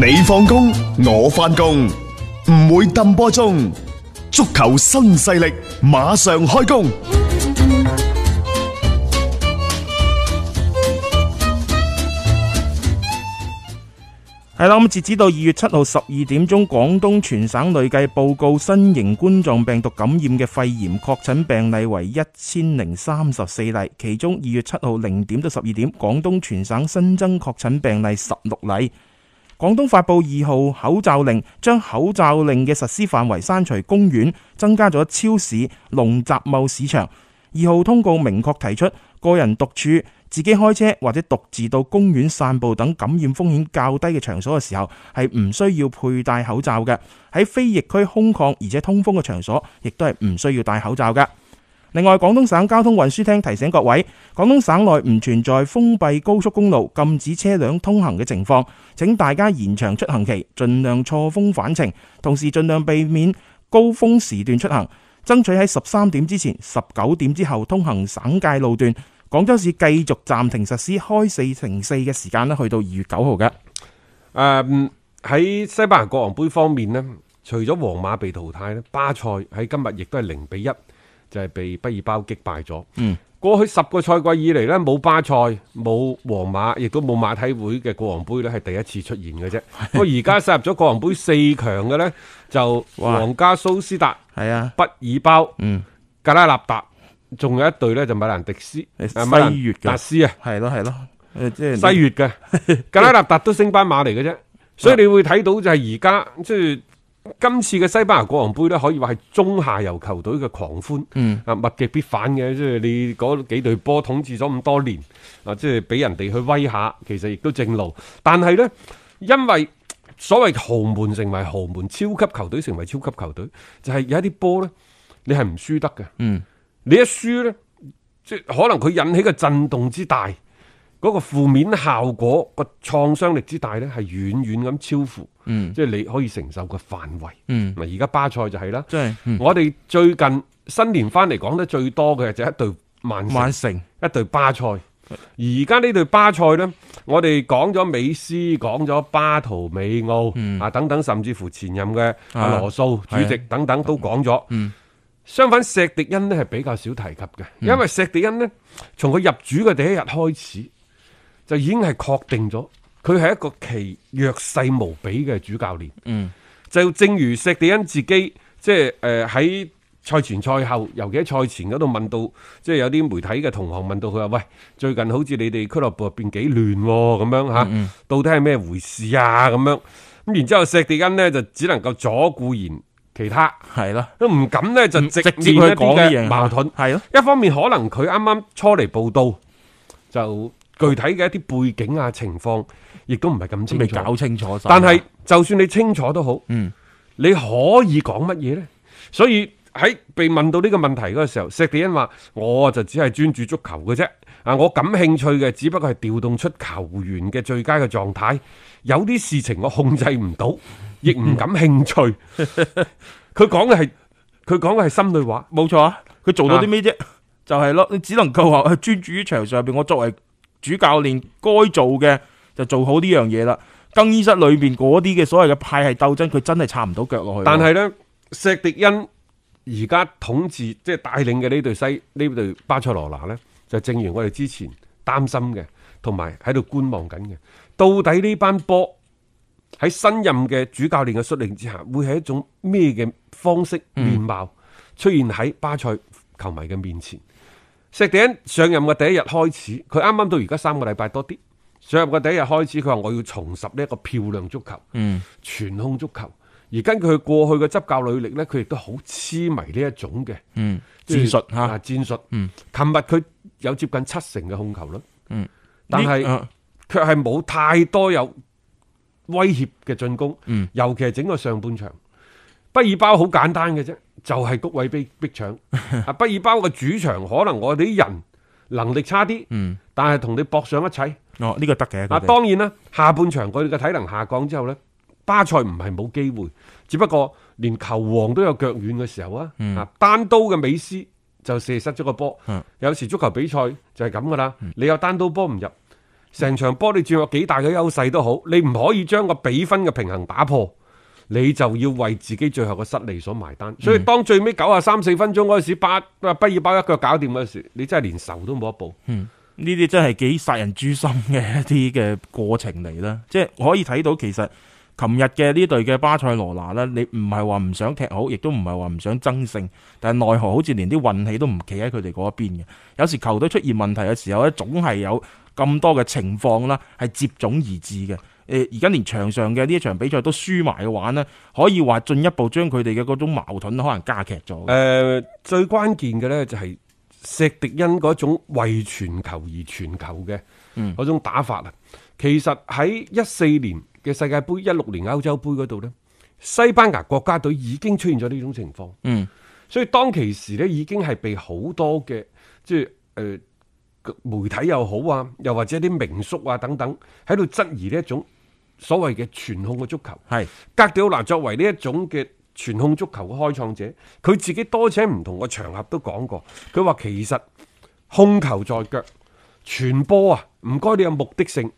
你放工，我翻工，唔會抌波鐘。足球新勢力馬上開工。係啦，咁截止到二月七號十二點鐘，廣東全省累計報告新型冠狀病毒感染嘅肺炎確診病例為一千零三十四例，其中二月七號零點到十二點，廣東全省新增確診病例十六例。廣東發佈二號口罩令，將口罩令嘅實施範圍刪除公園，增加咗超市、農集貿市場。二號通告明確提出，個人獨處、自己開車或者獨自到公園散步等感染風險較低嘅場所嘅時候，係唔需要佩戴口罩嘅。喺非疫區空曠而且通風嘅場所，亦都係唔需要戴口罩嘅。另外，廣東省交通運輸廳提醒各位，廣東省內唔存在封閉高速公路禁止車輛通行嘅情況。請大家延長出行期，盡量錯峰返程，同時盡量避免高峰時段出行，爭取喺十三點之前、十九點之後通行省界路段。廣州市繼續暫停實施開四停四嘅時間咧，去到二月九號嘅。誒、嗯，喺西班牙國王杯方面咧，除咗皇馬被淘汰咧，巴塞喺今日亦都係零比一。就係、是、被畢爾包擊敗咗、嗯。過去十個賽季以嚟呢，冇巴塞、冇皇馬，亦都冇馬體會嘅國王杯呢係第一次出現嘅啫。不過而家殺入咗國王杯四強嘅呢，就皇家蘇斯達、係啊畢爾包、嗯、格拉納達，仲有一隊呢，就米蘭迪斯、西月達斯啊，係咯係咯，即係、就是、西月嘅格拉納達都升班馬嚟嘅啫，所以你會睇到就係而家即係。就是今次嘅西班牙國王杯呢，可以話係中下游球隊嘅狂歡。啊，物極必反嘅，即係你嗰幾隊波統治咗咁多年，啊，即係俾人哋去威下，其實亦都正路。但係呢，因為所謂豪門成為豪門，超級球隊成為超級球隊，就係有一啲波呢，你係唔輸得嘅。嗯，你一輸呢，即係可能佢引起嘅震動之大。嗰、嗰個負面效果、嗰個創傷力之大呢，係遠遠咁超乎，嗯、即係你可以承受嘅範圍。咪而家巴塞就係啦、就是嗯，我哋最近新年翻嚟講得最多嘅就係一隊曼城，一對巴塞。而家呢對巴塞呢，我哋講咗美斯，講咗巴圖美奧啊、嗯、等等，甚至乎前任嘅羅素、啊、主席等等、啊、都講咗、嗯。相反，石迪恩呢係比較少提及嘅，因為石迪恩呢，從佢入主嘅第一日開始。就已經係確定咗，佢係一個其弱勢無比嘅主教練、嗯。就正如石地恩自己，即係誒喺賽前賽後，尤其喺賽前嗰度問到，即係有啲媒體嘅同行問到佢話，喂，最近好似你哋俱樂部入邊幾亂咁樣嚇、嗯嗯，到底係咩回事啊？咁樣咁，然之後石地恩呢，就只能夠左顧言其他，係咯，都唔敢呢，就直接去講矛盾，係咯、啊。一方面可能佢啱啱初嚟報到。就。具體嘅一啲背景啊、情況，亦都唔係咁清楚，未搞清楚。但係就算你清楚都好，嗯，你可以講乜嘢呢？所以喺被問到呢個問題嗰個時候，施迪恩話：我就只係專注足球嘅啫。啊，我感興趣嘅，只不過係調動出球員嘅最佳嘅狀態。有啲事情我控制唔到，亦唔感興趣。佢講嘅係，佢講嘅係心裏話，冇錯啊。佢做到啲咩啫？啊、就係咯，你只能夠話係專注於場上邊。我作為主教練該做嘅就做好呢樣嘢啦。更衣室裏邊嗰啲嘅所謂嘅派系鬥爭，佢真係插唔到腳落去。但係咧，石迪恩而家統治即係帶領嘅呢隊西呢隊巴塞羅那咧，就正如我哋之前擔心嘅，同埋喺度觀望緊嘅。到底呢班波喺新任嘅主教練嘅率領之下，會係一種咩嘅方式面貌、嗯、出現喺巴塞球迷嘅面前？石頂上任嘅第一日開始，佢啱啱到而家三個禮拜多啲。上任嘅第一日開始，佢話我要重拾呢一個漂亮足球、全、嗯、控足球。而根據佢過去嘅執教履歷呢，佢亦都好痴迷呢一種嘅、嗯、戰術吓、啊、戰術。琴、嗯、日佢有接近七成嘅控球率，嗯、但係卻係冇太多有威脅嘅進攻、嗯，尤其係整個上半場，畢爾包好簡單嘅啫。就係、是、谷位被逼搶，搶 啊！畢爾包嘅主場可能我哋啲人能力差啲， 嗯，但係同你搏上一切，哦，呢、這個得嘅，啊，當然啦，下半場佢哋嘅體能下降之後呢，巴塞唔係冇機會，只不過連球王都有腳軟嘅時候啊，嗯、啊，單刀嘅美斯就射失咗個波，嗯、有時足球比賽就係咁噶啦，嗯、你有單刀波唔入，成場波你佔有幾大嘅優勢都好，你唔可以將個比分嘅平衡打破。你就要為自己最後嘅失利所埋單，所以當最尾九啊三四分鐘嗰時，八不二包一腳搞掂嗰時候，你真係連仇都冇得報。嗯，呢啲真係幾殺人誅心嘅一啲嘅過程嚟啦。即係可以睇到，其實琴日嘅呢隊嘅巴塞羅那呢，你唔係話唔想踢好，亦都唔係話唔想爭勝，但係奈何好似連啲運氣都唔企喺佢哋嗰邊嘅。有時球隊出現問題嘅時候呢，總係有咁多嘅情況啦，係接踵而至嘅。誒，而家連場上嘅呢一場比賽都輸埋嘅話呢，可以話進一步將佢哋嘅嗰種矛盾可能加劇咗。誒，最關鍵嘅咧就係石迪恩嗰種為傳球而傳球嘅嗰種打法啊！嗯、其實喺一四年嘅世界盃，一六年歐洲盃嗰度呢，西班牙國家隊已經出現咗呢種情況。嗯，所以當其時呢，已經係被好多嘅即係誒、呃、媒體又好啊，又或者啲名宿啊等等喺度質疑呢一種。所謂嘅傳控嘅足球，係格迪奧拿作為呢一種嘅傳控足球嘅開創者，佢自己多次唔同嘅場合都講過，佢話其實控球在腳，傳波啊，唔該你有目的性，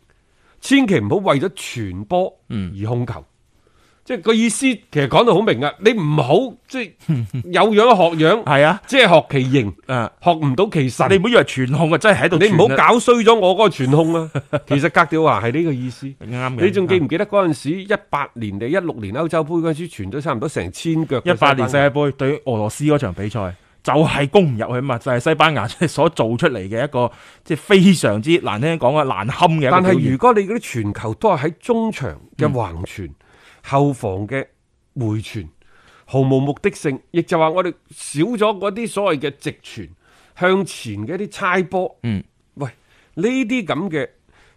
千祈唔好為咗傳波而控球。嗯即係個意思，其實講到好明啊！你唔好即係有樣學樣，係 啊，即係學其形，啊，學唔到其實。你唔好以為傳控真係喺度，你唔好搞衰咗我嗰個傳控啊！其實格調話係呢個意思，啱嘅。你仲記唔記得嗰陣時 ,18 16時一八年定一六年歐洲盃嗰陣時傳咗差唔多成千腳？一八年世界杯對俄羅斯嗰場比賽，就係、是、攻唔入去嘛，就係、是、西班牙所做出嚟嘅一個即係、就是、非常之難聽講啊，難堪嘅。但係如果你嗰啲傳球都係喺中場嘅橫傳。嗯後防嘅回傳毫無目的性，亦就話我哋少咗嗰啲所謂嘅直傳向前嘅一啲猜波。嗯，喂，呢啲咁嘅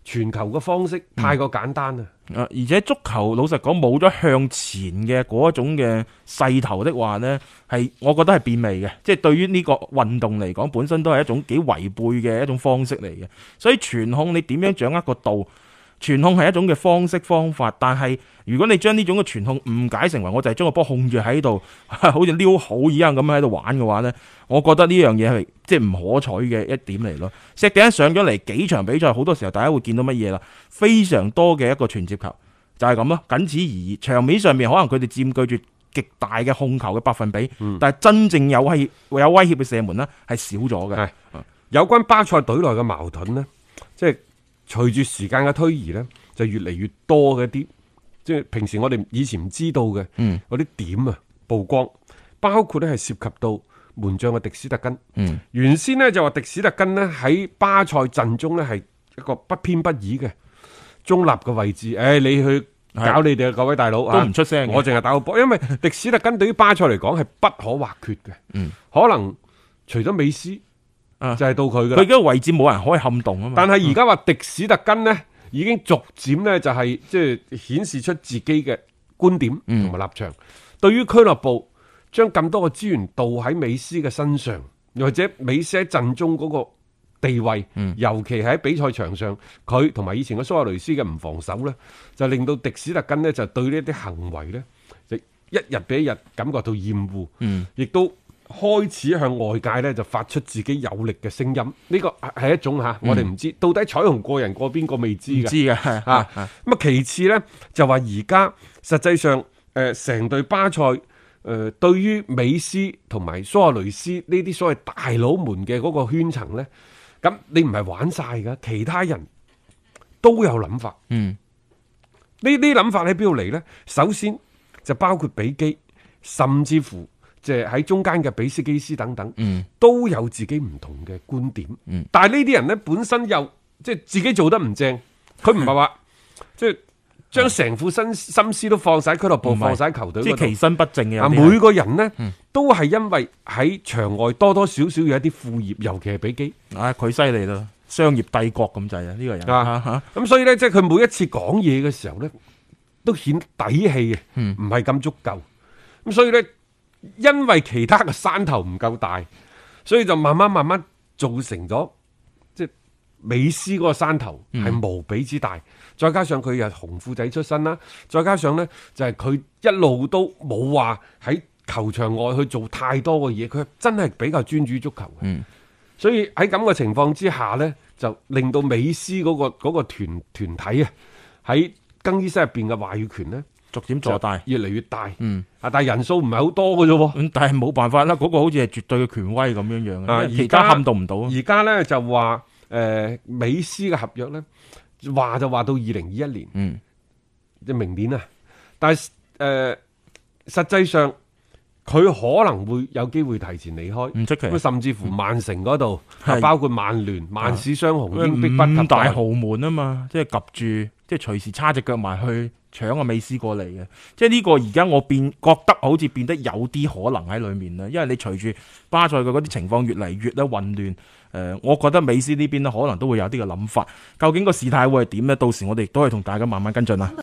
傳球嘅方式太過簡單啦。啊、嗯，而且足球老實講冇咗向前嘅嗰一種嘅勢頭的話呢，係我覺得係變味嘅。即係對於呢個運動嚟講，本身都係一種幾違背嘅一種方式嚟嘅。所以傳控你點樣掌握個度？傳控係一種嘅方式方法，但係如果你將呢種嘅傳控誤解成為我就係將個波控住喺度，好似撩好依家咁樣喺度玩嘅話呢，我覺得呢樣嘢係即係唔可取嘅一點嚟咯。石井上咗嚟幾場比賽，好多時候大家會見到乜嘢啦？非常多嘅一個傳接球就係咁咯，僅此而已。場面上面可能佢哋佔據住極大嘅控球嘅百分比，嗯、但係真正有威有威脅嘅射門呢係少咗嘅。有關巴塞隊內嘅矛盾呢？即係。隨住時間嘅推移呢，就越嚟越多嘅啲，即係平時我哋以前唔知道嘅，嗰、嗯、啲點啊曝光，包括呢係涉及到門將嘅迪斯特根。嗯、原先呢就話迪斯特根呢喺巴塞陣中呢係一個不偏不倚嘅中立嘅位置。誒、哎，你去搞你哋嘅各位大佬都唔出聲，啊，我淨係打個波，因為迪斯特根對於巴塞嚟講係不可或缺嘅，嗯。可能除咗美斯。就係、是、到佢嘅，佢、啊、嗰個位置冇人可以撼動啊嘛。但係而家話迪史特根咧，已經逐漸呢、就是，就係即係顯示出自己嘅觀點同埋立場、嗯。對於俱樂部將咁多個資源倒喺美斯嘅身上，又或者美斯喺陣中嗰個地位，嗯、尤其喺比賽場上，佢同埋以前嘅蘇亞雷斯嘅唔防守呢，就令到迪史特根呢，就對呢啲行為呢，就一日比一日感覺到厭惡，亦、嗯、都。開始向外界咧就發出自己有力嘅聲音，呢個係一種吓，我哋唔知、嗯、到底彩虹過人過邊個未知嘅。知嘅吓，咁啊其次呢，就話而家實際上誒成隊巴塞誒、呃、對於美斯同埋蘇亞雷斯呢啲所謂大佬們嘅嗰個圈層呢，咁你唔係玩晒噶其他人都有諗法。嗯，呢啲諗法喺邊度嚟呢？首先就包括比基，甚至乎。即係喺中間嘅比斯基斯等等，都有自己唔同嘅觀點。嗯、但係呢啲人咧本身又即係自己做得唔正，佢唔係話即係將成副心心思都放晒喺俱樂部，放晒喺球隊。即係其身不正嘅。啊，每個人咧、嗯、都係因為喺場外多多少少有一啲副業，尤其係比基啊，佢犀利啦，商業帝國咁滯啊呢個人。咁、啊啊啊嗯、所以咧，即係佢每一次講嘢嘅時候咧，都顯底氣嘅，唔係咁足夠。咁、嗯、所以咧。因為其他嘅山頭唔夠大，所以就慢慢慢慢造成咗，即美斯嗰個山頭係無比之大。再加上佢又紅褲仔出身啦，再加上呢，上就係佢一路都冇話喺球場外去做太多嘅嘢，佢真係比較專注足球嘅，嗯。所以喺咁嘅情況之下呢，就令到美斯嗰，嗰個，嗰個團團體啊，喺更衣室入邊嘅話語權呢。逐漸做大，越嚟越大。嗯，啊、嗯，但係人數唔係好多嘅啫。咁但係冇辦法啦，嗰、嗰個好似係絕對嘅權威咁樣樣。啊，而家撼動唔到。而家咧就話，誒、呃，美斯嘅合約咧，話就話到二零二一年。嗯，即明年啊。但係誒、呃，實際上佢可能會有機會提前離開。唔出奇。咁甚至乎曼城嗰度、嗯，包括曼聯、嗯、曼市雙雄英，英、嗯、五大豪門啊嘛，即係及住，即係隨時叉隻腳埋去。搶個美斯過嚟嘅，即係呢個而家我變覺得好似變得有啲可能喺裡面啦，因為你隨住巴塞嘅嗰啲情況越嚟越咧混亂，誒，我覺得美斯呢邊咧可能都會有啲嘅諗法，究竟個事態會係點呢？到時我哋亦都係同大家慢慢跟進啦。